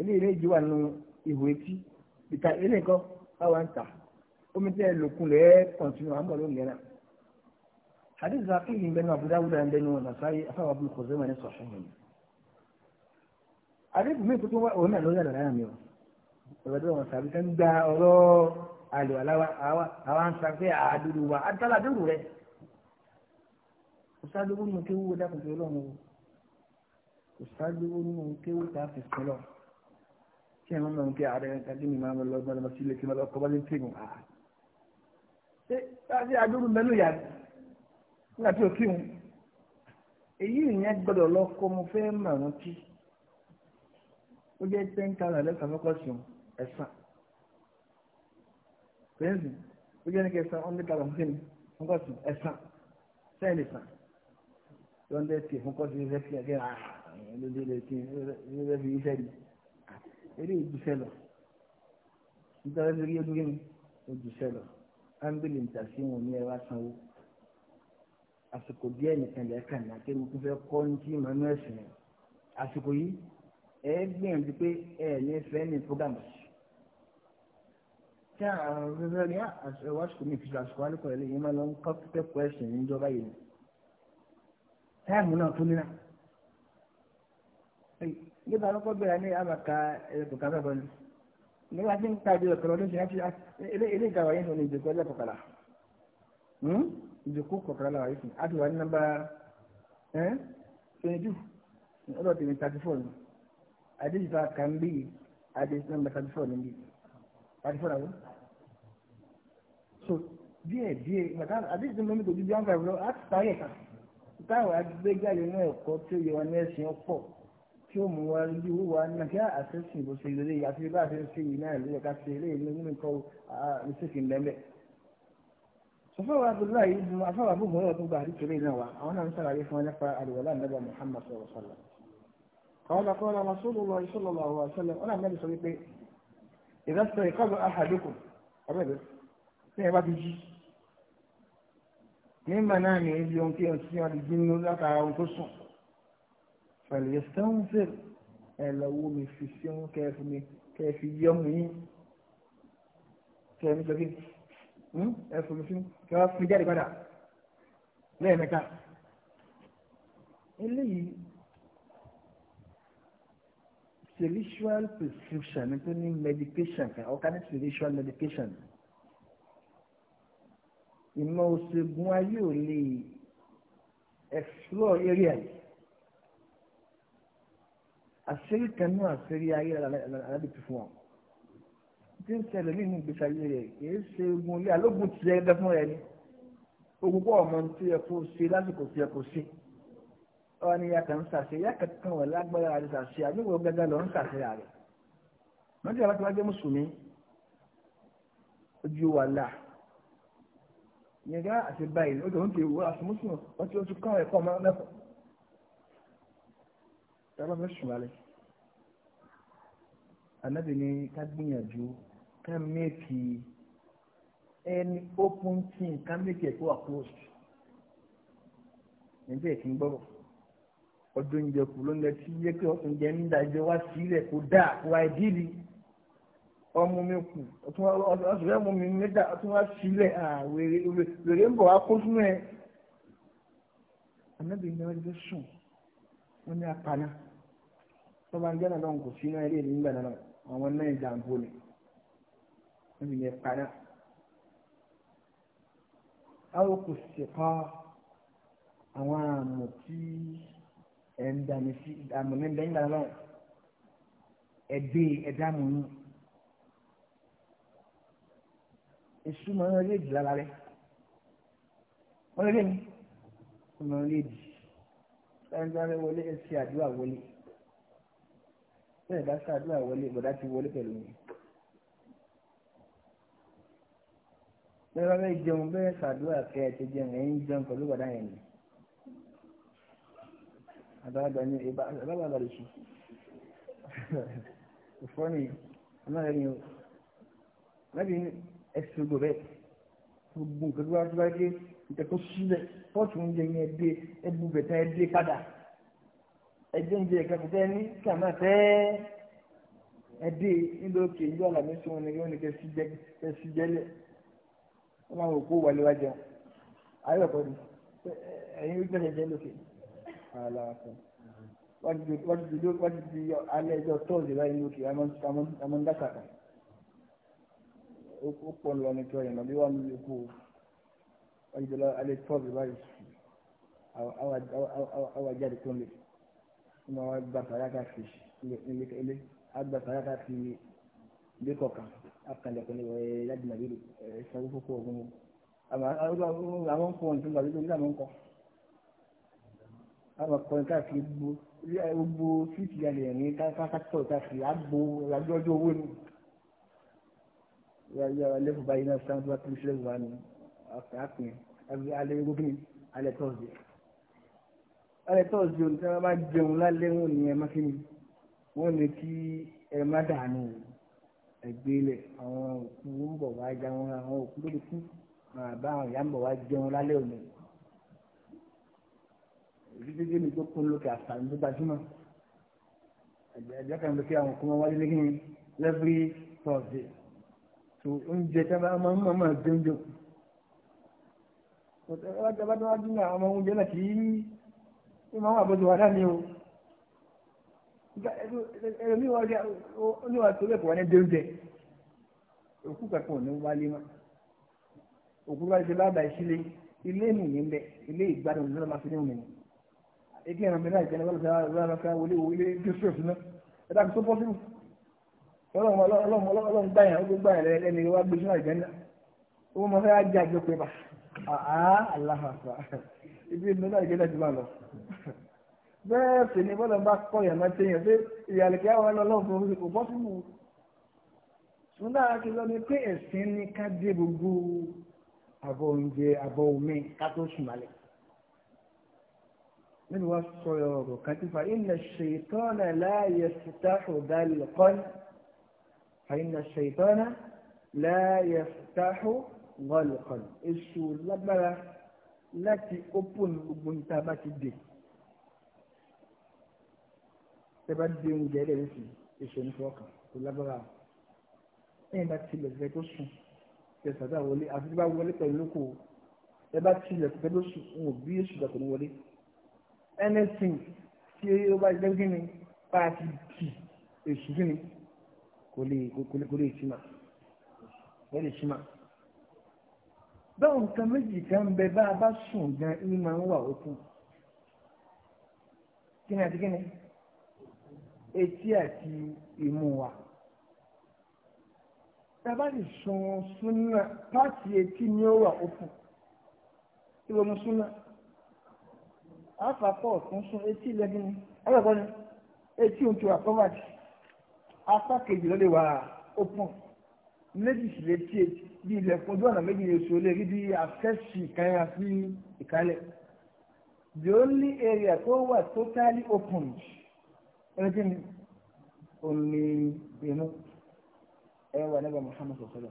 eléyìí méjì wà nù ìwé tí ìta eléyìí kọ́ báwa ń tà omi tẹ́ lòkun lẹ́ẹ̀ kọ̀ǹtínú àmọ́ ló ń yẹn náà hadith zafi yin bẹnu abu dawud yan bẹnu wọn nasaayi afawa abu kò zẹmọ ní sọfún yìí hadith mi tuntun wa òun náà ló yàrá yàrá mi o ìwádìí wọn sàbí kan gba ọ̀rọ̀ àlò aláwa àwa ń sàfẹ àdúró wa àdúrà àdúró rẹ òsàdúró nínú kéwú wọdà kò fi Ọlọ́run o òsàdúró nínú kéwú tá a fi sọ lọ kí ẹ má mọ̀ nípa ààrẹ ẹ̀ka kí ni máa lọ lọ lọ sí ilé kí n lọ kọ́ bá lè tẹ̀gùn. ṣé àdúró mẹ́lò yàrá nígbà tí o kí wọn èyí ìyẹn gbọ́dọ̀ lọ kó mo fẹ́ mà wọn kí ó jẹ́ ten thousand lẹ́sàn fọ́kọ́ sí wọn ẹ̀sán fẹ́ǹsì ó jẹ́ ní kẹsàn hundred thousand fún mi fọ́kọ́ sí ẹ̀sán sẹ́yìn lè sàn lọ́ndẹ̀ tì fọ́kọ́ sí ẹ̀sẹ̀ fi ẹ̀kẹ́ lóde lè ti ẹ̀sẹ̀ fi iṣẹ́ ni ah, eré ìjùṣẹ́ lọ nítorí ojú kí ni ojùṣẹ́ lọ ámbìlì ń tà sí wọn ní ẹwà sanwó àsìkò díẹ̀ nìkan lẹ́ẹ̀kan náà kí mo fẹ́ kọ́ ní tí màá nú ẹ̀sìn rẹ̀ àsìkò yìí ẹ gbìyànjú pé ẹ ní fẹ́ ní program tí àwọn ọ̀rẹ́rẹ́ ní àṣẹwà àsìkò mi fìṣẹ́ àsìkò àlùkò ẹ̀ lẹ́yìn máa lọ ń kọ́ kẹ́kọ̀ọ́ ẹ̀sìn níjọba yìí ni táìmù náà tó nínà nígbà lọ́kọ́ bẹ̀rẹ̀ ní àbàkà ẹ̀ẹ́dẹ̀kọ̀ kábàbọ̀ ni nígbà tí ń ta ìdílé ọ̀kọ̀lọ́ ìjòkó kọ̀ọ̀kan lára yìí a ti wà ní nọ́mbà twenty two ọ̀dọ̀ tèmi thirty four ni àdéjìfà kan bí àdé nọ́mbà thirty four níbi thirty four àwọn. so díẹ̀ díẹ̀ bàtà àdéjìfà mọ́mí kò ju bí wọ́n fà wọ́n á ti parí ẹ̀ka táwọn agbéjáde náà ẹ̀kọ́ tí ó yẹ wọn ní ẹ̀sìn ọ̀pọ̀ tí ó mú wa ju wa náà kí àṣẹ sìn bó ṣe lè àti bá a ṣe ń ṣe yìí náà lè ká ṣe lè ní nǹkan ìṣèkì ńlẹ́mẹ́ afọwọ́ abdullahi ibùdó afọwọ́ abúgbò ọ̀rọ̀ tó gba àdìsílẹ̀ náà wá àwọn náà ń sàlàyé fún ẹlẹ́fà àdìwọ̀lá nàbà muhammad sọ̀rọ̀ sọ̀rọ̀ àwọn ọ̀nà kan ọ̀nà sọ́lọ́ lọ ìṣọ́lọ́ lọ àwọn àṣẹlẹ̀ ọ̀nà mẹ́rin sọ wípé ìdásọ̀ ìkọ́lù ahàdùkù ọ̀bẹ̀bẹ̀ tí ẹ bá ti jí ní náà ní ibi ohun tí ohun tí wọ́n ti jí nínú látara ohun tó sùn pẹ̀lú ìṣẹ́wọ́nsẹ̀ ẹ lọ wo mi fi ṣéun kẹ́ mi Hmm? ẹ fòmù sí kí wọ́n fi jáde padà lẹ́ẹ̀mẹ́ta eléyìí spiritual prescription nítorí medication kan organic spiritual medication ìmọ̀ òṣègùn ayé ò lè explore area yìí àṣírí kan náà àṣírí ayé alábìtì fún wọn tí ń ṣẹlẹ̀ nínú ìgbésí ayé rẹ̀ kìí ṣe ogun ilé alógun ti ẹ dẹ́ fún rẹ ni ogun pọ̀ ọmọ tí ẹ kó ṣe lásìkò tí ẹ kó ṣe ọ ni yàtọ̀ ń ṣàṣe yàtọ̀ kan wọ̀ lágbára àti ṣàṣe àdúgbò gẹ́gẹ́ lọ ń ṣàṣe rẹ̀ wọ́n ti àbájá wájú mùsùlùmí ojú wa là nígbà àti báyìí ó dòun ti wọ àti wọ́n ti oṣù kan ẹ̀kọ́ ọmọ mẹ́fọ̀ tẹ́lá fẹ́ sùn wálé anábì ká gbìyànjú kan make any open team kan méèkì ẹ̀kọ́ wà closed níbẹ̀ kí n gbọ́rọ̀ ọdún oúnjẹ kù ló ń lẹ tí yẹ kí oúnjẹ ń dájọ wá sílẹ̀ kó dáa kó àìdíìlì ọmọ mi kù ọtún ọmọ mi mẹ́ta ọtún wá sílẹ̀ wèrè ń bọ̀ wá kó sínú ẹ̀ ànábì ní ọjọ́ sùn wọ́n ní apana tó bá ń jẹ́ náà lọ́nkù sínú ẹ̀ lé nígbà náà àwọn náà ìjàmbó ni níbi ilẹ̀ paná. àwọn kò sì pa àwọn àmọ̀ tí ẹ̀ ń dàmí sí àmọ̀ ní bẹ́ẹ̀ ń dàmí lọ́wọ́ ẹ̀dẹ́ ẹ̀dàmù yín. èṣù máa ń rí èdè lára rẹ̀ wọ́n lé ní ọmọ orí èdè sáńsáńsá wọlé ẹ̀ ṣe àdúrà wọlé bẹ́ẹ̀ bá ṣe àdúrà wọlé bọ̀dá ti wọlé pẹ̀lú yín. bí wọ́n bẹ́ẹ̀ jẹun bẹ́ẹ̀ ṣàdúrà kẹ́ ẹ ti jẹun ẹ̀yìn jẹun pẹ̀lú bàdá yẹn ni àbábà ní àbábà lè ṣe ìfọ́nì ọmọlẹ́ni o lábì ẹ̀sìn gbò bẹ́ẹ̀ gbogbo nǹkan tó bá tó bá dé nǹkan tó sílẹ̀ pọ́ọ̀tù oúnjẹ yẹn dé ẹbú bẹ̀tẹ̀ dé padà ẹjẹ oúnjẹ ẹ̀ka kò ní kàmá tẹ́ ẹ dé òkè nílò àlàmísùn ní kí ní kẹ́ sí jẹ́lẹ̀ wọ́n máa wò kó wọlé wá jẹun ayé ọ̀pọ̀ ni ẹ̀yin ojú ẹ̀jẹ̀ jẹ́ lókè ààlà ọ̀sán wọ́n ti di wọ́n ti di alẹ́ ẹjọ́ tọ́ọ̀sì láyé lókè amọ́ńdàkàtà ó pọ̀ lọ ní tọ́ọ̀yìn náà bí wọ́n lè kó wọ́n ti di alẹ́ tọ́ọ̀sì láyé àwọn àjáde tó ń lè wọ́n máa gbàtà yàtà ilé àgbàtà yàtà fi ilé kọ̀ọ̀kan akànlẹ̀kùn ní ọ̀rẹ́ láti nàìjíríà ìṣòro fúnfún ọ̀gbọ́n mi àwọn ń kọ́ ohun tó ń gbàgbé lórí àwọn ń kọ́ àwọn akọrin káàkiri gbogbo gbogbo fíìtì alẹ́ ní káàkiri káàkiri àgbo àjọjọ owó ni lẹ́fù báyìí náà sáwọn tó bá kiri sílẹ̀ wà ní àpín alẹ́ gbógbìn alẹ́ tọ́sí alẹ́ tọ́sí ohun tí wọ́n bá jẹun lálẹ́ wọn ni ẹ fi ni wọ́n ní kí ẹ má dànù o ẹgbẹ́lẹ̀ àwọn òkú ń bọ̀ wá já wọn àwọn òkú lórí kú bàbá àwọn ìyá ń bọ̀ wá jẹun lálẹ́ òní. ìdíjejì mi tó kún lókè àṣàyàn tó gbajúmọ̀ ẹ̀jẹ̀ kan lókè àwọn òkú wọn wáyé lẹ́yìn lẹ́fírí tọ̀sí tó oúnjẹ tí a bá máa ń mọ̀ máa jẹun jẹun. ọ̀tẹ̀ ẹ̀rọ tí a bá tó wá àwọn oúnjẹ náà kì í máa wà bó ẹlòmíì wọ́n ní wàá torí ẹ̀kọ́ wọn ní déúnjẹ òkú kankan ò ní wálé mọ́ òkú bá ti lábàá ìṣílé ilé nìyí bẹ ilé ìgbádùn ló máa fi ní òmìnir igi ẹ̀rọ mìíràn ìjẹun wọ́n lọ́sẹ̀ wọ́n lọ́sẹ̀ wọlé ilé joseph náà ẹ dàgbé tó pọ́sibú ọlọ́run gbà yẹn ó gbà yẹn lẹ́ni wá gbé sínú àjẹ́ náà ó mọ̀ fẹ́ ajá àjọpẹ́ bá àá aláhàfà ibi ìnáwó àjẹ́ náà ti máa lọ bẹ́ẹ̀ sì ni bọ́lá bá kọ́ ìyàmá tí èèyàn pé ìyàlẹ̀ kí àwọn ọlọ́run fún orí kò bọ́ sínú ṣùgbọ́n lára ti lọ ni pé ẹ̀sìn ní ká dé gbogbo àbọ̀ oúnjẹ àbọ̀ omi ká tó sùn lálẹ́ nínú wa sọ ọ̀rọ̀ kan tí fa inna shaytana la yaftahu ghalqan fa inna shaytana la yaftahu ghalqan èṣù lágbára láti ópó gbogbo níta bá ti dè tẹ bá dé oúnjẹ lẹ́yìn sí èso ní fọwọ́kàn kò lágbára o ẹ̀yìn bá tilẹ̀ fẹ́ tó sùn tẹ sàdá wọlé àfi tí bá wọlé pẹ̀lú lóko ẹ bá tilẹ̀ fẹ́ tó sùn ń wò bí èso ìgbà ní wọlé anything tí ó bá jẹ́ kí ni bá a ti kì èso kí ni kò lè kò lè ṣì mà kò lè ṣì mà báwọn nǹkan méjì kan bẹ bá a bá sùn gan ní máa ń wà ó kù kí àti kí etí àti imú wa tabali sun sunna paati etí ni ó wà òfin kí ló mú sunna afapọ̀ tún sun etí lẹ́gbẹ̀ẹ́ ni ọlọ́pàá ni etí òun ti wà pọ́màtì apá kejì ló lè wà òpin méjì sì lè tí etí bí ilẹ̀kùn ojú ọ̀nà méjì oṣù lè rí bí afẹ́sì ìkànnì sí ìkálẹ̀ the only area tó wà totally open ẹni tí ni òní inú ẹ wà nígbà Muhammad sọ̀sọ́lọ̀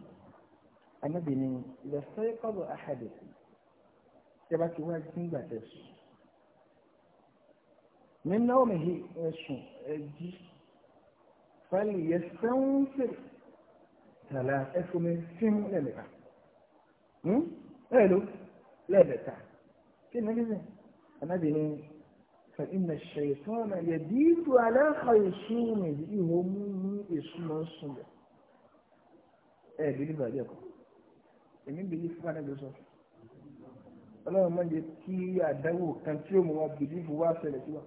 anábì ni ilẹ̀ sọ́yẹ́ kọ́bọ̀ àhàdì tí a bá ti wá sí ìgbà tẹ̀ sùn nínú ọmọ yìí ẹ̀sùn ẹ̀jí fẹ́lì yẹ sẹ́wọ́n fèrè tààlà ẹ̀fọ́mi fíìmù lẹ́lẹ́ka ẹ̀lú lẹ́ẹ̀lẹ́ta hmm? kí ni kí ni anábì ni. فإن الشيطان يبيت على خيصومه هم يسمى الصلاة ẹ bìlí bàjẹ́ kọ́ èmi bìlí fún ànágbé sọ ọlọ́run máa ń jẹ kí àdáwò kan tí ó mọ wa bìlí fún wa ṣẹlẹ̀ sí wa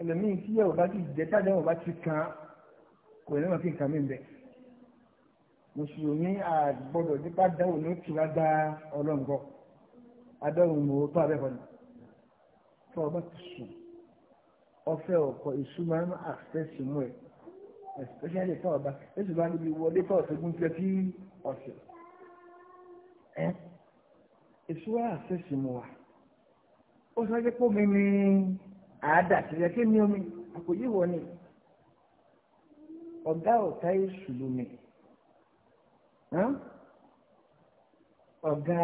ẹlòmíín tí yàwó bá ti jẹ tájà wọn bá ti kàn án kò ní wọn fi nǹkan mìíràn bẹ mùsùlùmí àgbọ́dọ̀ nípa dáwò ní ó tura gba ọlọ́run kọ adáwò mọ̀ ó tó abẹ́kọ̀ọ́ ni tó ọba ti sùn ọfẹ ọkọ èso máa ń àfẹsẹ mú ẹ especially tó ọba èso máa ń níbi wọlé tó ọsẹ gúnfẹ tí ọsẹ ẹ èso wa àfẹsẹ mú wa ó sọ jẹ pé omi ni àádà sílẹ̀ kí ni omi àpòyí wọ ni ọgá ọ̀tá èso lómi ọgá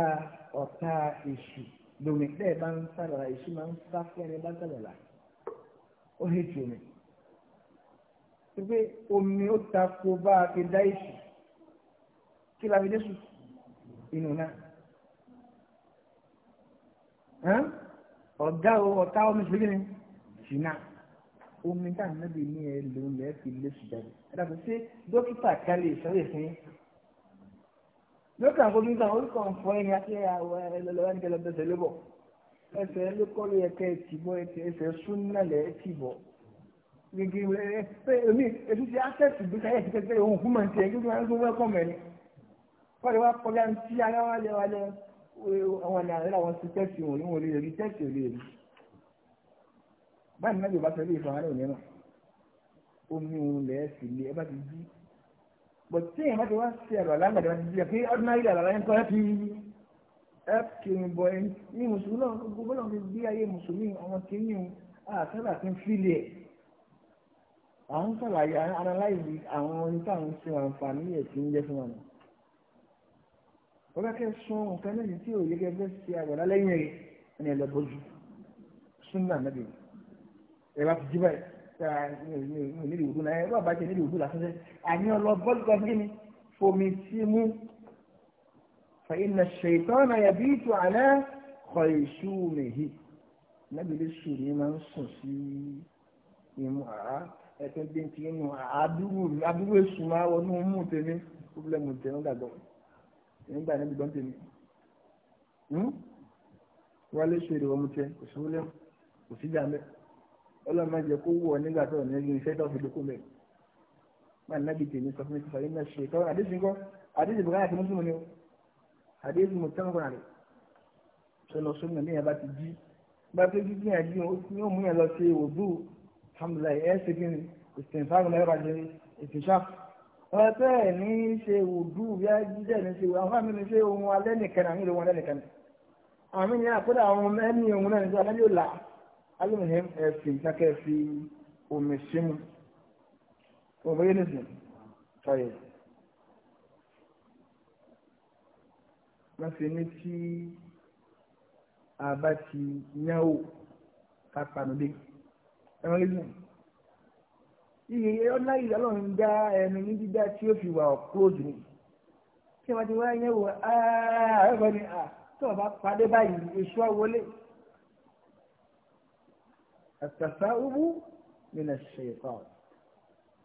ọ̀tá èso lòmí bẹ́ẹ̀ bá ń sàlàlà èṣù máa ń sá fún ẹni bá sàlàlà ó hé ju omi pé omi ó ta ko bá a fi dá èṣù kí la fi dé sùn inú náà ọ̀gá ọ̀tá omi ṣùgbọ́n ni ṣìnà omi tá a nàbì ní ẹ lòun lẹ́ẹ̀ fi lé sùn jáde ẹ dàbí sí dókítà kálí ìṣòro ìfún yín lókè àfojú náà orúkọ nfọ ẹni akéya ẹlẹlẹwà ní kẹlẹ bẹsẹ lébọ ẹsẹ lókọlù ẹkẹ ẹtìbọ ẹsẹ súnà lẹ ẹtìbọ gègé ẹ ẹmí ètò ti asẹsì bí káyọ ti kẹkẹ ohun fún màá tiẹ gbígbé wọn wẹkọ mẹni fọlẹ wa kọjá ntí ara wa lẹ wa lẹ àwọn ní àárẹ làwọn ti tẹsí wọn níwọn lè rí tẹsí ò lè rí báyìí náà yóò bá sọ ilé ìfọwọ́n náà ò ní náà omi òun lẹ́ẹ̀sì lé ẹ bá ti dí But tí èèyàn bá ti wá sí ẹ̀rọ alágbàdo láti di ẹ̀kí ordinary ẹ̀rọ aláyẹn kọ́ ẹ́pì ẹ́pì bọ̀ ẹ̀ ní mùsùlùmí náà gbogbo náà fi bí ayé mùsùlùmí ọmọ kìíní o àtàlà ti ń fílẹ̀ ẹ̀ à ń sàlàyé analyze àwọn orin tá à ń ṣe àǹfààní ẹ̀ tí ń jẹ́ fún wọn. wọ́n kẹ́ sún nǹkan lẹ́yìn tí òye gẹ́gẹ́ sí àgbàdo lẹ́yìn rẹ̀ ẹni ẹ̀ lọ nílì òdú náà ẹ bá bá ṣe nílì òdú lásán àní ọlọ bọ́ọ̀lù kan fún mi fomi sí mú fàyínà ṣètọ́nà yàbí ìtò àná kọ èṣù mèhì lábìlẹ̀ sùn ni máa ń sùn sí imú àá ẹ̀tọ́ bí n ti inú àdúgbò èṣù máa wọnú mú tèmi pọ́blẹ́mù tèmi gbàgbọ́ nígbà níbi gbọ́n tèmi hmm? wálé ṣe èrè ọmọ tẹ kò sí wọlé kò sí jàmbẹ́ ọlọ́mọ jẹ kó wọ̀ nígbà tó ní rí iṣẹ́ tó fi dókó mẹ́ máa nábì tèmi sọ fún mi sọ iná ṣe tọ́ àdéhùn kọ́ àdéhùn bùkátà àti mùsùlùmí ni o àdéhùn mo tẹ́wọ́n rà rẹ̀ sọlọ sọmọ ní yàrá ti jí bá tó jí ní àjí yóò mú yàn lọ sí òdú alhamdulilayi ẹ̀ ṣe kí ni ìsìnfàgùn náírà jẹ ìsìnṣàf ọ̀tẹ́ ẹ̀ ní ṣe òdú bí ajíjẹ́ ní ṣe àwọn àmì ní ṣe ohun alẹ́ nìkan àmì ìlú wọn alẹ́ nìkan àmì ní àkọ́dà àwọn ẹni òun alimuhim ẹ̀fì ìtàkẹ́ fi omi símu òbẹ́yẹ nìsín tọ́yẹ̀ wọ́n fi ní tí a bá ti yáwó ká panudé ẹ̀wọ̀n lẹ́sìn iye ọlá ìdálọ́run dá ẹnu ní dídá tí ó fi wà ọ̀kúròdù ni tí wọ́n ti wá yẹ̀wò ààrẹ ah, kan ní à tó o bá padé báyìí èso àwọlé àtàsáwùbù nínú ṣèkọ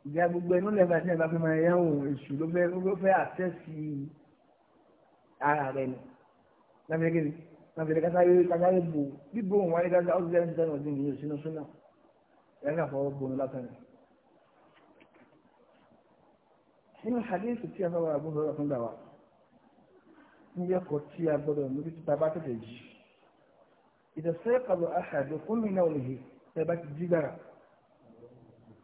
ìjà gbogbo ẹnu lẹba tí ẹba fi máa yá òun èṣù ló fẹ́ ló fẹ́ àtẹsí ara rẹ ni lábẹ́rẹ́ kí lábẹ́rẹ́ kásáyé kásáyé bò bíbò òun wáyé kásáyé ọdún lẹ́yìn tẹ́lẹ̀ ọdún yìí òsínú súnà ẹ̀rọ kà fọwọ́ bò ní látàn rẹ̀. nínú hadith tí a fẹ́ wà àbúrò rẹ̀ fún dàwa ń yẹ kọ́ tí a gbọ́dọ̀ níbi tí bàbá tètè jì ìdọ̀sẹ́ kàlọ́ àhàdùn fún mi náà ò lè hì ẹ bá ti jí gbàrà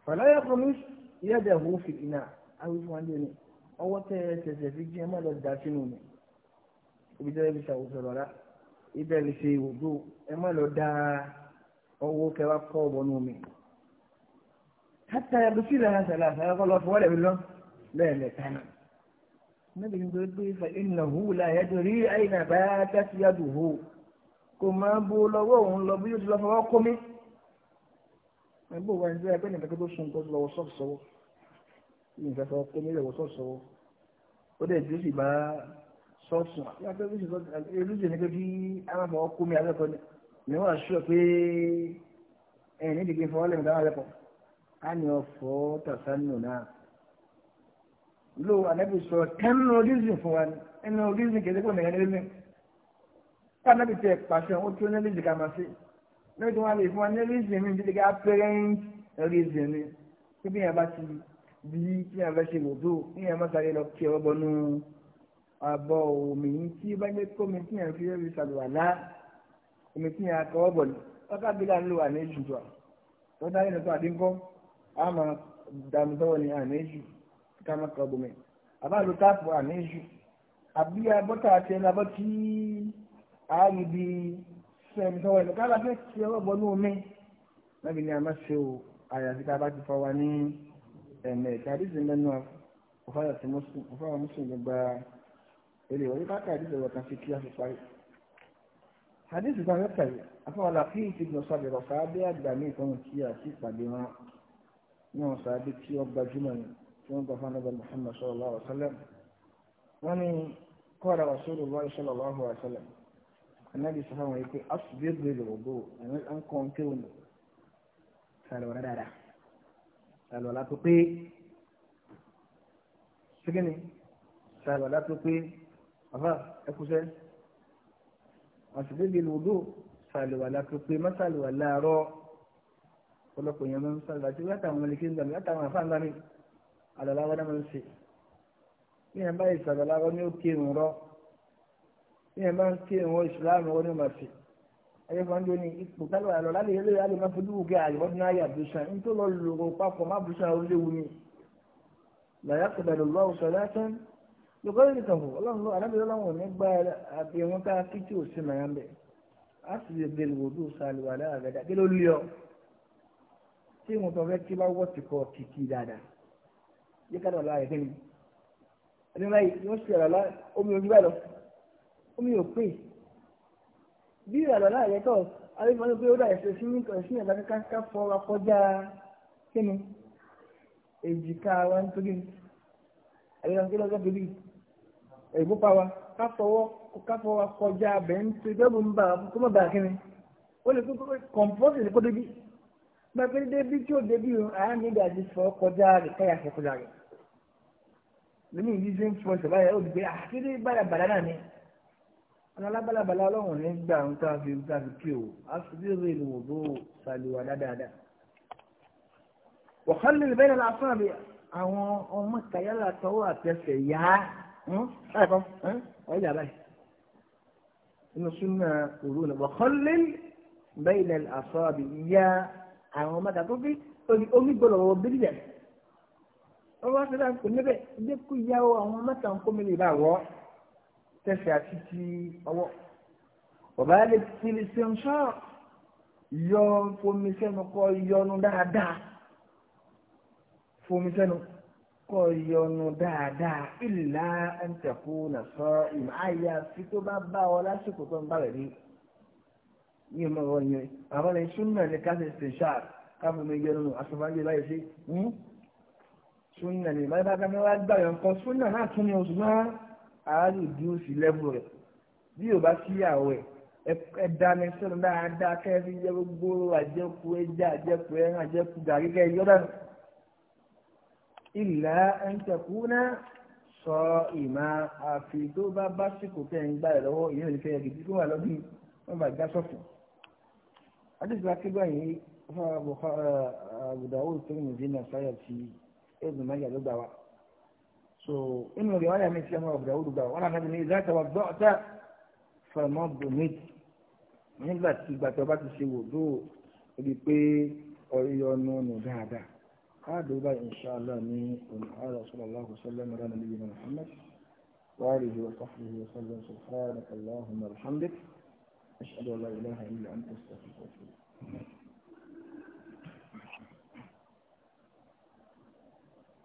fàlàyé promise yẹ́dẹ̀ hó fi iná awífún wa lónìí ọwọ́ tẹ ẹ tẹ̀sẹ̀ fi jí ẹ má lọ dà sínú mi ibi tẹ́lẹ̀ fi ṣàwùjọ lọ́la ibẹ̀ lè ṣe ìwòdó ẹ má lọ dá ọwọ́ kẹwàá kọ́ ọ̀bọnú mi hata yabusila hasa la sa yaqulu wala billah la la kana nabi ngbe fa innahu la yadri aina batat yaduhu kò má bọ́ lọ́wọ́ òun lọ bí ó ti lọ fọwọ́ kó mi ẹgbẹ́ òwò ẹni tó nìkan tó sun nǹkan lọ́wọ́ sọ́ọ̀sì sọ́wọ́ yìí nǹkan sọ pé nílẹ̀ wọ́ sọ́ọ̀sì ó dẹ̀ tí ó sì bá sọ́ọ̀sì yàtọ̀ bí olùsè ní pé bí aláfọwọ́ kó mi alẹ́kọ̀ọ́ ni mi wà pé ẹ̀yìn ní ìdíje fọwọ́ lẹ́yìn dáhùn alẹ́kọ̀ọ́ á ní ọ̀fọ́ tàṣánù náà lo ànábì sọ tẹ́nu fún wa ẹnu orísìn nìkan ní lórí tí wọ́n lè fún wa ní reason mi bíi apparent reason mi tí bí yẹn bá ti bí tí yẹn bá ṣe lòdù tí yẹn bá sáré lọ kí ọwọ́ bọnú àbọ̀ omi tí bá yẹ kó mi tí yẹn fi rí sàlùwàlá omi tí yẹn akọwọ́ bọ̀ ní ọkà bí láàánú wà ní ìjù tó wọ́n sáré lọ́tọ́ àdínkọ́ a máa dàmú sọ́wọ́ ní àná ìjù ká má kọ́ bọ̀ àbá lo táàpù àná ìjù àbí abọ́tà àti ẹnabọ́ tí bíi sẹ̀mí sọ̀rọ̀ ẹ̀lú káàlà fẹ́ ti ọwọ́ bọ́ ní omi lẹ́bi ni a máa ṣe o àyàfi ká bá ti fọ wa ní ẹ̀mẹ̀ẹ̀ta àdìsí mẹ́nu ọ̀fáyà tí ọ̀fáyà mùsùlùmí gba èlé wọlé bá ká àdìsí kan sí kí a fi parí. àdìsí kan fẹ́ tẹ̀lé afọwọ́ la fi ìfi gbọ̀nsá bẹ̀rọ̀ sáábẹ́ àgbà ní ìtọ́nù tí a ti pàdé wọn náà sáábẹ́ tí ó gbajúmọ̀ ni tí wọ́n gba fanagbà Muhammad sallallahu alaihi wa sallam wọ́n ní kọ́ra rasulullah sallallahu alaihi annabi sọ fáwọn yìí pé asùbí gbèrè ògbó ẹ̀mí ń kọ́ ń kéwòn lò sàlùwàlá dáadáa sàlùwàlá tó pé sígínì sàlùwàlá tó pé bàbá ẹkúṣẹ́ asùbí gbèrè ògbó sàlùwàlá tó pé má sàlùwàlá rọ ọ̀pọ̀lọpọ̀ èèyàn máa ń sàlùwàlá tí wọ́n àtàwọn mọ̀lẹ́kí ń gbàgbé àtàwọn àfáàgbà mi àlọ́lá wọn náà máa ń ṣe bí ẹ̀ báyìí sàlùwàlá ní ẹ̀ máa ń kí ìwọ̀n ìsìláàmù wọn ní ma fi ayé fún adó ní ipò kálọ̀ àlọ́ láti ilé ìyá lè má fojú wù kí àyẹ̀wọ́n náà yà bùsàn ní tó lọ lòrò papọ̀ má bùsàn ó léwu ni làyà kọ̀dàdọ̀ lọ́wọ́ sọ̀rọ̀ ẹ̀sán lóko yìí nìkan fún ọlọ́run ló alábẹ́ ọlọ́run ní gba àbẹ̀wọ̀n ká kí tí ò sí màá ń bẹ̀ sì lè bẹ̀rù wòdú sàlùwà láàgàdà kí ló lé ọ tí mo tọ́ fẹ́ kí bá wọ́ ti kọ́ kìkì dáadáa yíkàdọ̀ lọ omi ò pè bí àlọ́lá rẹ̀ tọ̀ alẹ́mọ́lẹ́ pé ó dà ẹ̀sẹ̀ sí ní kàn sí ẹ̀dá kankan fọ́ wa kọjá kíni èjìká wa nítorí àyẹ̀wò kí lọ́jọ́ torí ẹ̀gbọ́pá wa ká fọwọ́ ká fọwọ́ kọjá abẹ́ nítorí bẹ́ẹ̀ ń bà kó má bà kíni ó lè kó kọ̀m̀pọ́sì lè kó débi gbàgbé débi tí ó débi o àá ní ìdí àti fọ́ kọjá rẹ̀ káyà fọ́ kọjá rẹ̀ lónìí yìí ṣe ń fọ ìṣẹ̀lẹ̀ ó dìgbé àti ah, bàdàbàdà náà ni ọ̀nà alábàlábàlá ọlọ́run nígbà ń tá a fi tá a fi kí o a fi bí rè lò wò bó ṣàlùwà dáadáa. wọ̀hálì bẹ́ẹ̀ ni afọ́n àbí àwọn ọmọ kàyálà tọwọ́ àtẹsẹ̀ yá hmm? ọjà hmm? báyìí inú súnmọ́ òru ni wọ̀hálì bẹ́ẹ̀ ni afọ́n àbí yá àwọn ọmọ kàtóbi omi gbọ́dọ̀ wọ bíbí bẹ́ẹ̀ wọ́n wá sí láti níbẹ̀ ilé yá o àwọn mẹ́ta ń kó mi lè bá wọ́ tẹ̀sẹ̀ àti ti ọwọ́ ọ̀bá lè ti lè ṣe ń sọ̀rọ̀ yọ fomi sẹ́nu kọ́ yọnu dáadáa fomi sẹ́nu kọ́ yọnu dáadáa ìlà ẹ̀ǹtẹ̀kù nàṣọ ìmọ̀ àyà sí tó bá bá ọ lásìkò tó ń bá rẹ̀ rí ní ìmọ̀ ọ̀rọ̀ yẹn àwọn ẹni súnmọ̀ ní ká ṣe ṣe ṣáà káfí mi yọnu nù aṣọ máa ń yẹ báyìí sí súnmọ̀ ní ìmọ̀ ẹ̀bá ká fẹ́ náà tún ní oṣù náà àárò dúró sí lẹ́bù rẹ̀ bí ò bá sí àwẹ̀ ẹ dáná sọ́nù dáadáa kẹ́rin yẹ gbogbo àjẹkù ẹja àjẹkù ẹran àjẹkù gàrí kẹ́ yọ dànù. ìlà ẹ̀ ń tẹ̀kú náà sọ ìmọ̀ àfi tó bá básìkò kẹ́yìn gbà lọ́wọ́ ìyẹn ò ní fẹ́ gidi tó wà lọ́dún wọn bá já sọ̀tún. adéṣe akébọ̀ yìí fún Abu Dawud tó ń mú sí nàìjíríà ti ẹ̀dùn mẹ́jà ló gbà wá so inú rìwáyà mi ti ọmọ ọ̀bùdà olùgbà wọn náà nàbí ní ìlà ìtàwà dọ́ọ̀tà fàmọ́bùnmíd nígbà tí gbàtọ́ bá ti ṣe wò dó ibi pé ọ̀yọ́nu nù dáadáa káàdì ó bá inṣàlá ní ọ̀nà sallallahu sallam ala nabiyyina Muhammad wa alihi wa sahbihi wa sallam subhanaka allahumma wa bihamdik